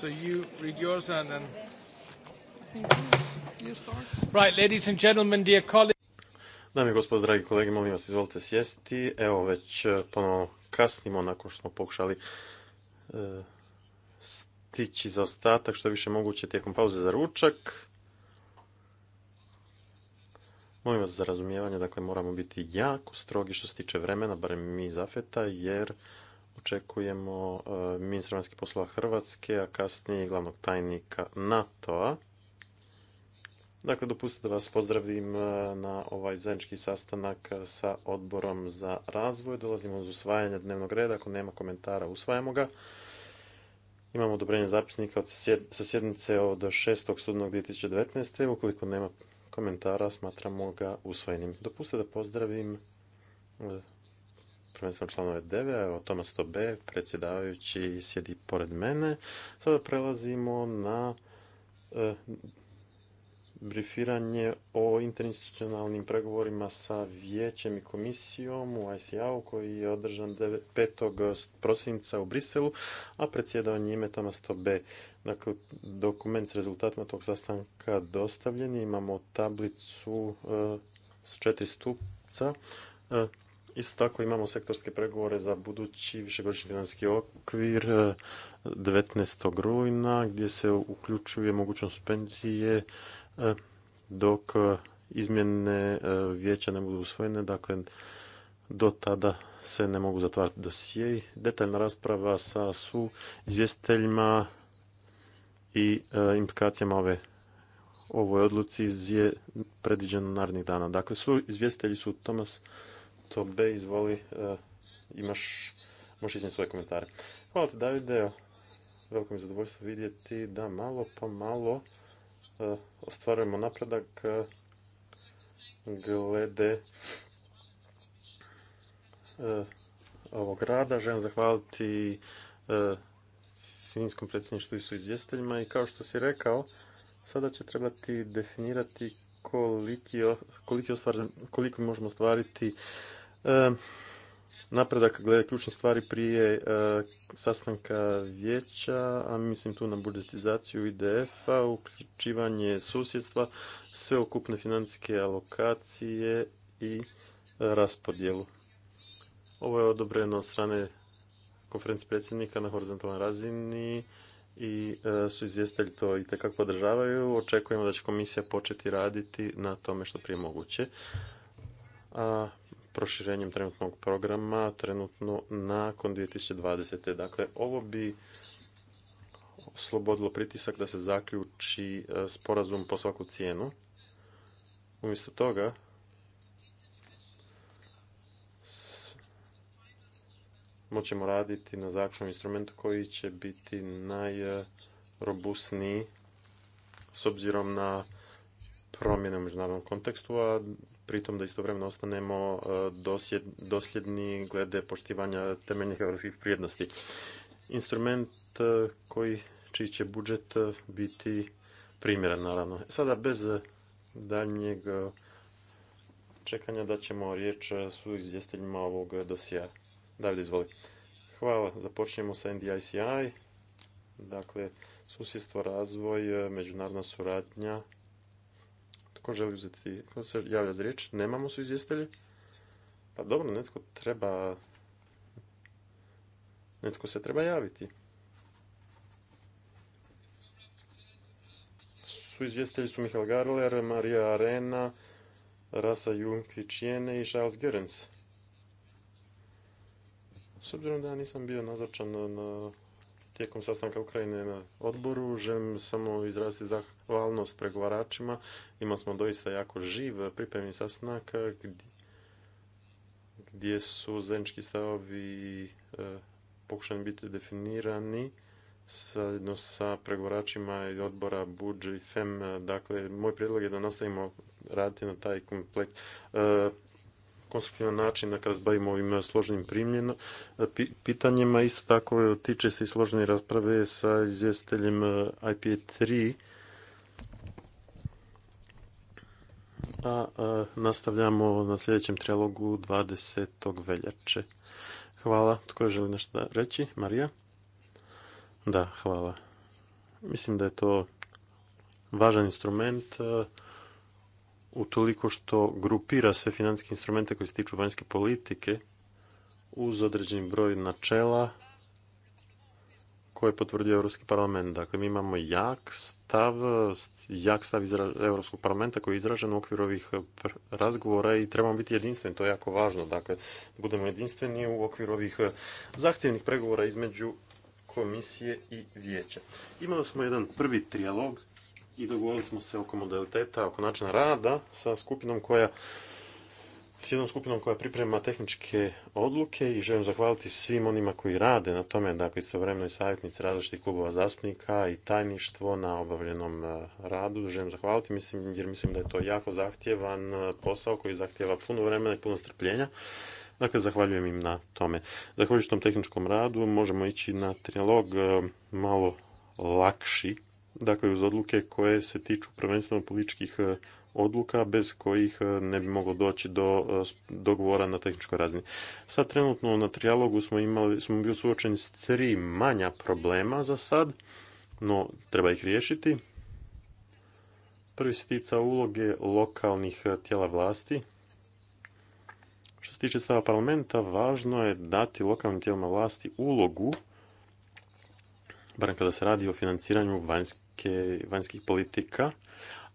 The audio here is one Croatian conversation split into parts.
So you read yours and then. Right, ladies and gentlemen, dear colleagues. Dame i gospodo, dragi kolege, molim vas, izvolite sjesti. Evo, već e, ponovno kasnimo nakon što smo pokušali e, stići za ostatak, što je više moguće tijekom pauze za ručak. Molim vas za razumijevanje, dakle moramo biti jako strogi što se tiče vremena, barem mi zafeta, jer očekujemo e, ministra vanjskih poslova Hrvatske, a kasnije glavnog tajnika NATO-a. Dakle, dopustite da vas pozdravim e, na ovaj zajednički sastanak sa odborom za razvoj. Dolazimo uz usvajanje dnevnog reda. Ako nema komentara, usvajamo ga. Imamo odobrenje zapisnika sa sjednice od 6. studenog 2019. Ukoliko nema komentara, smatramo ga usvojenim. Dopustite da pozdravim e, prvenstveno članove DEVE, o Tomas b predsjedavajući sjedi pored mene. Sada prelazimo na e, brifiranje o interinstitucionalnim pregovorima sa vijećem i komisijom u ICA-u koji je održan 5. prosinca u Briselu, a predsjedao njime Tomas b Dakle, dokument s rezultatima tog sastanka dostavljen je. Imamo tablicu e, s četiri stupca. E, Isto tako imamo sektorske pregovore za budući višegodišnji financijski okvir 19. E, rujna gdje se uključuje mogućnost suspenzije e, dok izmjene e, vijeća ne budu usvojene, dakle do tada se ne mogu zatvarati dosije. Detaljna rasprava sa su izvjestiteljima i implikacijama ove ovoj odluci je predviđeno narednih dana. Dakle, su izvjestitelji su Tomas B, izvoli, e, imaš, možeš iznijeti svoje komentare. Hvala ti Davide, veliko mi je zadovoljstvo vidjeti da malo po malo e, ostvarujemo napredak e, glede ovog rada. Želim zahvaliti finskom predsjedništvu i su izvjestiteljima i kao što si rekao, sada će trebati definirati koliko možemo ostvariti E, napredak glede ključne stvari prije e, sastanka vijeća, a mislim tu na budžetizaciju IDF-a, uključivanje susjedstva, sveokupne financijske alokacije i e, raspodjelu. Ovo je odobreno od strane konferencije predsjednika na horizontalnoj razini i su izvjestitelji to i tekako podržavaju. Očekujemo da će komisija početi raditi na tome što prije moguće. A proširenjem trenutnog programa trenutno nakon 2020. Dakle, ovo bi slobodilo pritisak da se zaključi e, sporazum po svaku cijenu. Umjesto toga, moćemo raditi na zaključnom instrumentu koji će biti najrobusniji s obzirom na promjene u međunarodnom kontekstu, a pritom da istovremeno ostanemo e, dosljedni glede poštivanja temeljnih europskih prijednosti. Instrument e, koji, čiji će budžet e, biti primjeren, naravno. Sada bez daljnjeg čekanja da ćemo riječ su izvjestiteljima ovog dosija. David, izvoli. Hvala. Započnemo sa NDICI. Dakle, susjedstvo, razvoj, međunarodna suradnja, tko želi uzeti, tko se javlja za riječ? Nemamo su izvjestelje. Pa dobro, netko treba... Netko se treba javiti. Su izvjestelji su Mihael Garler, Marija Arena, Rasa Junkić Jene i Charles Gerens. S obzirom da ja nisam bio nazočan na tijekom sastanka Ukrajine na odboru. Želim samo izraziti zahvalnost pregovaračima. Imali smo doista jako živ pripremni sastanak gdje su zajednički stavovi e, pokušani biti definirani zajedno sa pregovaračima i odbora Budži i FEM. Dakle, moj prijedlog je da nastavimo raditi na taj komplekt. E, konstruktivan način kada se bavimo ovim e, složenim e, pitanjima. Isto tako e, tiče se i složene rasprave sa izvjestiteljem ip 3 A, nastavljamo na sljedećem trilogu 20. veljače. Hvala. Tko želi nešto reći? Marija? Da, hvala. Mislim da je to važan instrument utoliko što grupira sve financijske instrumente koji se tiču vanjske politike uz određeni broj načela koje je potvrdio Europski parlament. Dakle, mi imamo jak stav, jak stav Europskog parlamenta koji je izražen u okviru ovih razgovora i trebamo biti jedinstveni, to je jako važno. Dakle, budemo jedinstveni u okviru ovih eh, zahtjevnih pregovora između komisije i vijeća. Imali smo jedan prvi trijalog i dogovorili smo se oko modaliteta, oko načina rada sa skupinom koja s jednom skupinom koja priprema tehničke odluke i želim zahvaliti svim onima koji rade na tome, dakle istovremeno i savjetnici različitih klubova zastupnika i tajništvo na obavljenom e, radu. Želim zahvaliti jer mislim da je to jako zahtjevan e, posao koji zahtjeva puno vremena i puno strpljenja. Dakle, zahvaljujem im na tome. Zahvaljujući tom tehničkom radu možemo ići na trilog e, malo lakši dakle uz odluke koje se tiču prvenstveno političkih e, odluka bez kojih e, ne bi moglo doći do e, dogovora na tehničkoj razini. Sad trenutno na trijalogu smo imali, smo bili suočeni s tri manja problema za sad, no treba ih riješiti. Prvi se tica uloge lokalnih tijela vlasti. Što se tiče stava parlamenta, važno je dati lokalnim tijelima vlasti ulogu barem kada se radi o financiranju vanjskih politika,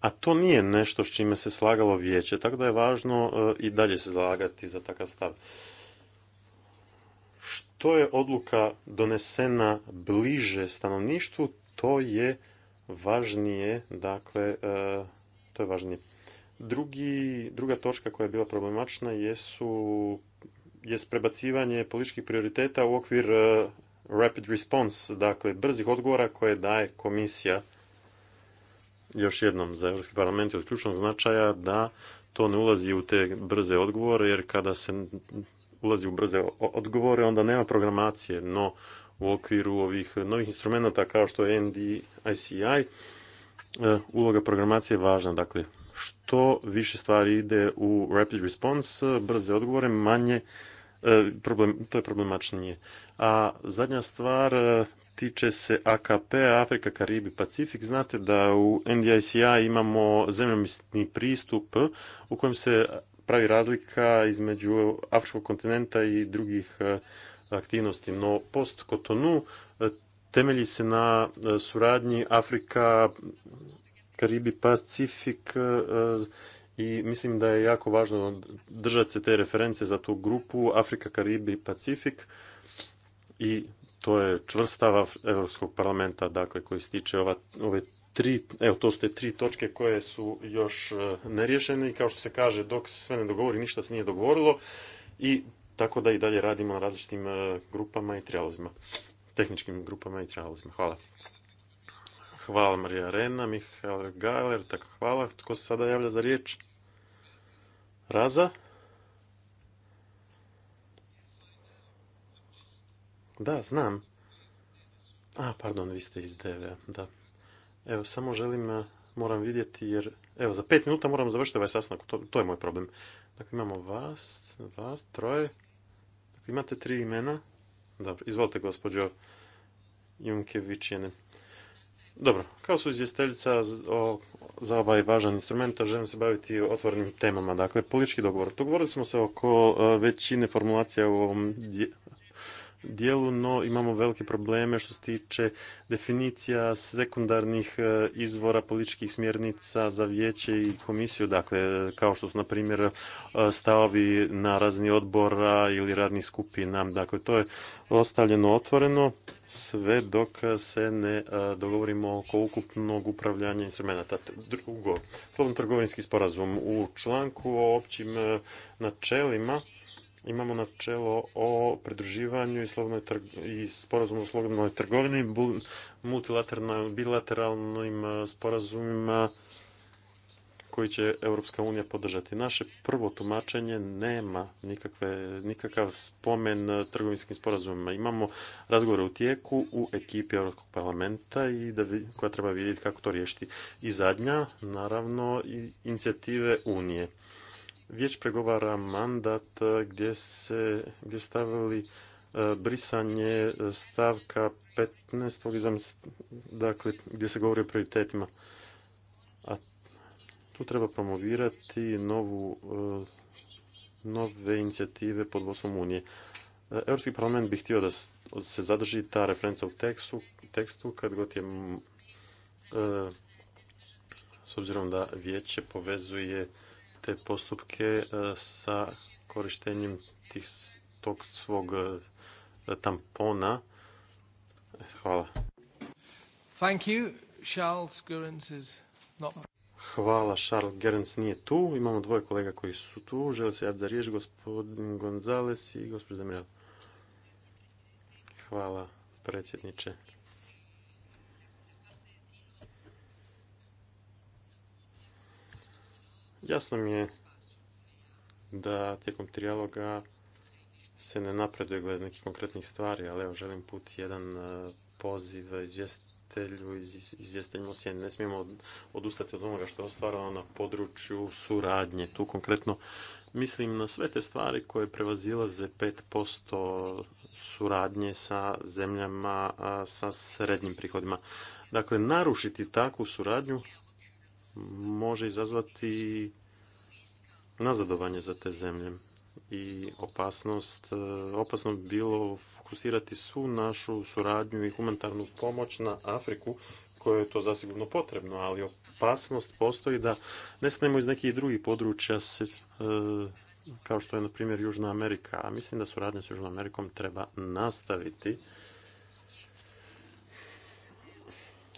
a to nije nešto s čime se slagalo vijeće, tako da je važno e, i dalje se zalagati za takav stav. Što je odluka donesena bliže stanovništvu, to je važnije, dakle, e, to je važnije. druga točka koja je bila problematična je jest prebacivanje političkih prioriteta u okvir e, rapid response, dakle brzih odgovora koje daje komisija još jednom za Europski parlament je od ključnog značaja da to ne ulazi u te brze odgovore, jer kada se ulazi u brze odgovore, onda nema programacije, no u okviru ovih novih instrumenta kao što je NDICI, e, uloga programacije je važna. Dakle, što više stvari ide u rapid response, brze odgovore, manje E, problem, to je problematičnije. A zadnja stvar e, tiče se AKP, Afrika, Karibi, Pacifik. Znate da u NDICI imamo zemljomisni pristup u kojem se pravi razlika između Afričkog kontinenta i drugih e, aktivnosti. No, post Kotonu temelji se na suradnji Afrika, Karibi, Pacifik i mislim da je jako važno držati se te reference za tu grupu Afrika, Karibi i Pacifik i to je čvrstava Europskog parlamenta dakle, koji se tiče ove tri, evo to su te tri točke koje su još e, neriješene i kao što se kaže dok se sve ne dogovori ništa se nije dogovorilo i tako da i dalje radimo na različitim e, grupama i trijalozima, tehničkim grupama i trijalozima. Hvala. Hvala Marija Rena, Mihael Gajler, tako hvala. Tko se sada javlja za riječ? Raza? Da, znam. A, pardon, vi ste iz dv da. Evo, samo želim, moram vidjeti jer... Evo, za pet minuta moram završiti ovaj sasnak, to, je moj problem. Dakle, imamo vas, vas, troje. Dakle, imate tri imena. Dobro, izvolite gospođo Junkevićjene. Dobro, kao su izvjesteljica za ovaj važan instrument, želim se baviti otvorenim temama. Dakle, politički dogovor. Dogovorili smo se oko e, većine formulacija u ovom dijelu, no imamo velike probleme što se tiče definicija sekundarnih e, izvora političkih smjernica za vijeće i komisiju, dakle kao što su na primjer e, stavovi na razni odbora ili radnih skupina, dakle to je ostavljeno otvoreno sve dok se ne e, dogovorimo oko ukupnog upravljanja instrumenta. Drugo, slobodno trgovinski sporazum u članku o općim načelima imamo načelo o pridruživanju i, i sporazumu o slobodnoj trgovini, multilateralnim, bilateralnim e, sporazumima koji će Europska unija podržati. Naše prvo tumačenje nema nikakve, nikakav spomen trgovinskim sporazumima. Imamo razgovore u tijeku u ekipi Europskog parlamenta i da, koja treba vidjeti kako to riješiti. I zadnja, naravno, i inicijative Unije već pregovara mandat gdje, se, gdje stavili brisanje stavka 15. Dakle, gdje se govori o prioritetima. A tu treba promovirati novu, e, nove inicijative pod vodstvom Unije. Europski parlament bi htio da se zadrži ta referenca u tekstu, tekstu kad god je e, s obzirom da vijeće povezuje te postupke e, sa korištenjem tih, tog svog e, tampona. Hvala. Thank you. Charles is not... Hvala, Charles Gerens nije tu. Imamo dvoje kolega koji su tu. Žele se jad za riječ, gospodin Gonzales i gospodin Demirel. Hvala, predsjedniče. Jasno mi je da tijekom trijaloga se ne napreduje glede nekih konkretnih stvari, ali evo želim put jedan e, poziv izvjestitelju, izvjestiteljima se Ne smijemo odustati od onoga što je ostvarano na području suradnje. Tu konkretno mislim na sve te stvari koje prevazilaze 5% suradnje sa zemljama sa srednjim prihodima. Dakle, narušiti takvu suradnju može izazvati nazadovanje za te zemlje i opasnost. E, opasno bi bilo fokusirati su našu suradnju i humanitarnu pomoć na Afriku, koje je to zasigurno potrebno, ali opasnost postoji da nestanemo iz nekih drugih područja, e, kao što je, na primjer, Južna Amerika. A mislim da suradnja s Južnom Amerikom treba nastaviti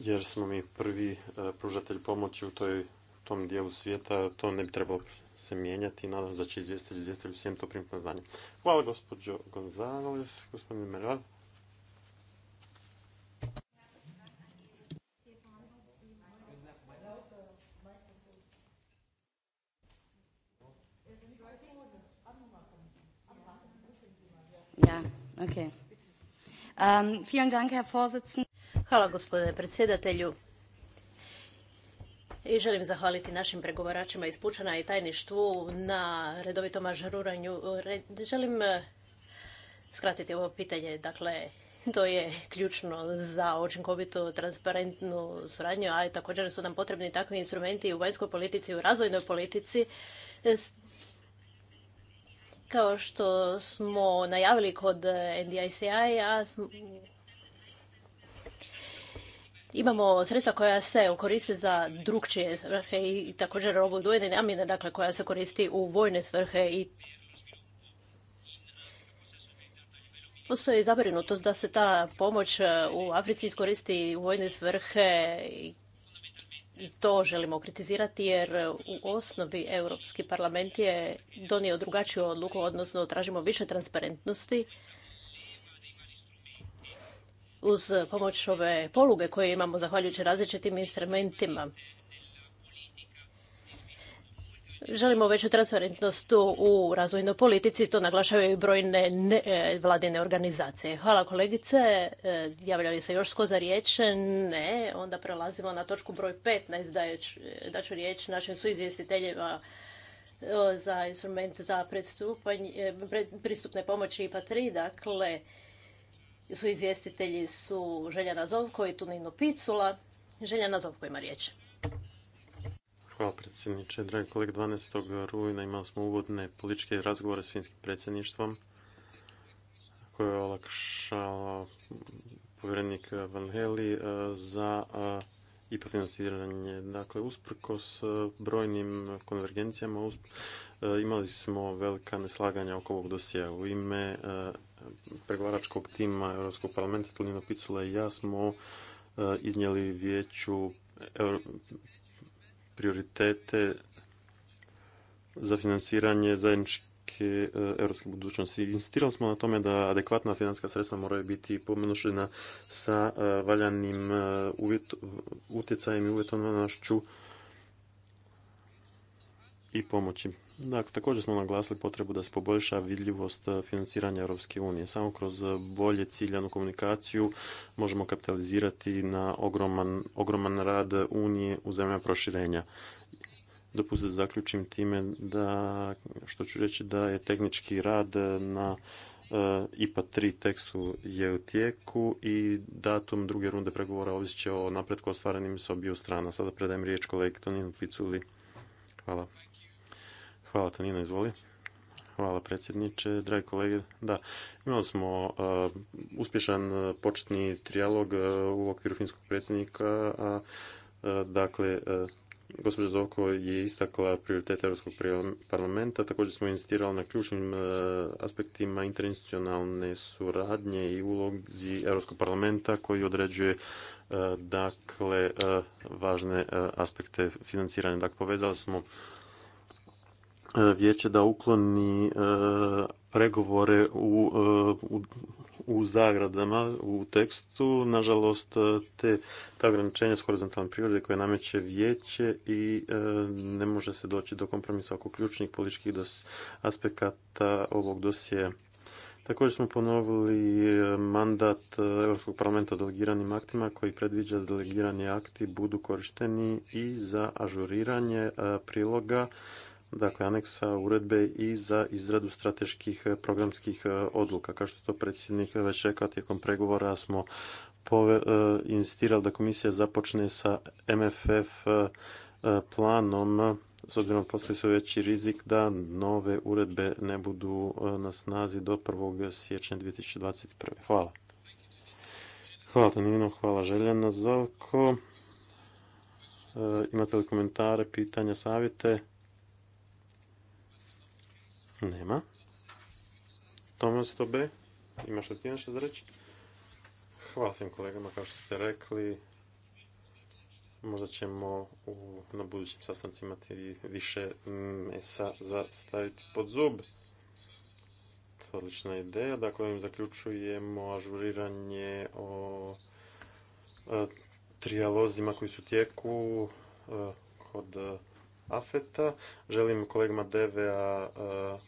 jer smo mi prvi e, pružatelj pomoći u toj, tom dijelu svijeta, to ne bi trebalo se mijenjati i nadam se da će izvjestitelj izvjestitelj svijem to primiti na znanje. Hvala gospođo Gonzales, gospodin Meral. Ja, okay. Ähm, vielen Dank, Herr Vorsitzender. Hvala gospodine predsjedatelju. I želim zahvaliti našim pregovaračima iz Pučana i tajništvu na redovitom ažuranju. Želim eh, skratiti ovo pitanje. Dakle, to je ključno za učinkovitu transparentnu suradnju, a također su nam potrebni takvi instrumenti u vanjskoj politici i u razvojnoj politici kao što smo najavili kod NDICI-a, Imamo sredstva koja se koriste za drugčije svrhe i također robu dujene namjene, dakle koja se koristi u vojne svrhe i Postoji zabrinutost da se ta pomoć e, u Africi iskoristi u vojne svrhe i to želimo kritizirati jer u osnovi Europski parlament je donio drugačiju odluku, odnosno tražimo više transparentnosti uz pomoć ove poluge koje imamo zahvaljujući različitim instrumentima. Želimo veću transparentnost u razvojnoj politici, to naglašavaju i brojne e, vladine organizacije. Hvala kolegice, e, Javljali li se još tko za riječ? Ne, onda prelazimo na točku broj 15, da ću riječ našim suizvjestiteljima e, za instrument za pristupne pomoći IPA 3, dakle su izvjestitelji su Željana Zovko i Tunino Picula. Željana Zovko ima riječ. Hvala predsjedniče. Dragi kolega, 12. rujna imali smo uvodne političke razgovore s finskim predsjedništvom koje je olakšao povjerenik Van Heli eh, za eh, IPA financiranje. Dakle, usprkos eh, brojnim konvergencijama imali smo velika neslaganja oko ovog dosija. U ime pregovaračkog tima Europskog parlamenta Tonino Picula i ja smo e, iznijeli vijeću e, prioritete za financiranje zajedničke e, europske budućnosti. Insistirali smo na tome da adekvatna financijska sredstva moraju biti pomnožena sa valjanim utjecajem i uvjetovanošću i pomoći. Dakle, također smo naglasili potrebu da se poboljša vidljivost eh, financiranja Europske unije. Samo kroz eh, bolje ciljanu komunikaciju možemo kapitalizirati na ogroman, rad Unije u zemljama proširenja. Dopustite da zaključim time da, što ću reći, da je tehnički rad eh, na IPA 3 tekstu je u tijeku i datum druge runde pregovora ovisit će o napretku ostvarenim s obiju strana. Sada predajem riječ kolegi Toninu Piculi. Hvala. Hvala Tanina, izvoli. Hvala predsjedniče, dragi kolege. Da, imali smo uspješan početni trijalog u okviru finskog predsjednika, a dakle gospođa Zovko je istakla prioritete Europskog parlamenta, također smo insistirali na ključnim aspektima interinstitucionalne suradnje i ulozi Europskog parlamenta koji određuje dakle važne aspekte financiranja. Dakle, povezali smo E, vijeće da ukloni e, pregovore e, u, u, zagradama u tekstu. Nažalost, te, ta ograničenja s horizontalne prirode koje nameće vijeće i ne može se doći do kompromisa oko ključnih političkih dos, aspekata ovog dosije. Također smo ponovili mandat Europskog parlamenta o delegiranim aktima koji predviđa da delegirani akti budu korišteni i za ažuriranje priloga dakle aneksa uredbe i za izradu strateških eh, programskih eh, odluka. Kao što to predsjednik već rekao, tijekom pregovora smo pove, eh, da komisija započne sa MFF planom s obzirom postoji sve veći rizik da nove uredbe ne budu na snazi do 1. siječnja 2021. Hvala. Hvala Tonino, hvala Željana Zovko. imate li komentare, pitanja, savjete? Nema. Tomas Tobe, imaš li ti nešto za reći? Hvala svim kolegama, kao što ste rekli. Možda ćemo u, na budućim sastancima imati više mesa za staviti pod zub. To je odlična ideja. Dakle, ovim zaključujemo ažuriranje o e, trijalozima koji su tijeku e, kod afeta. Želim kolegama DVA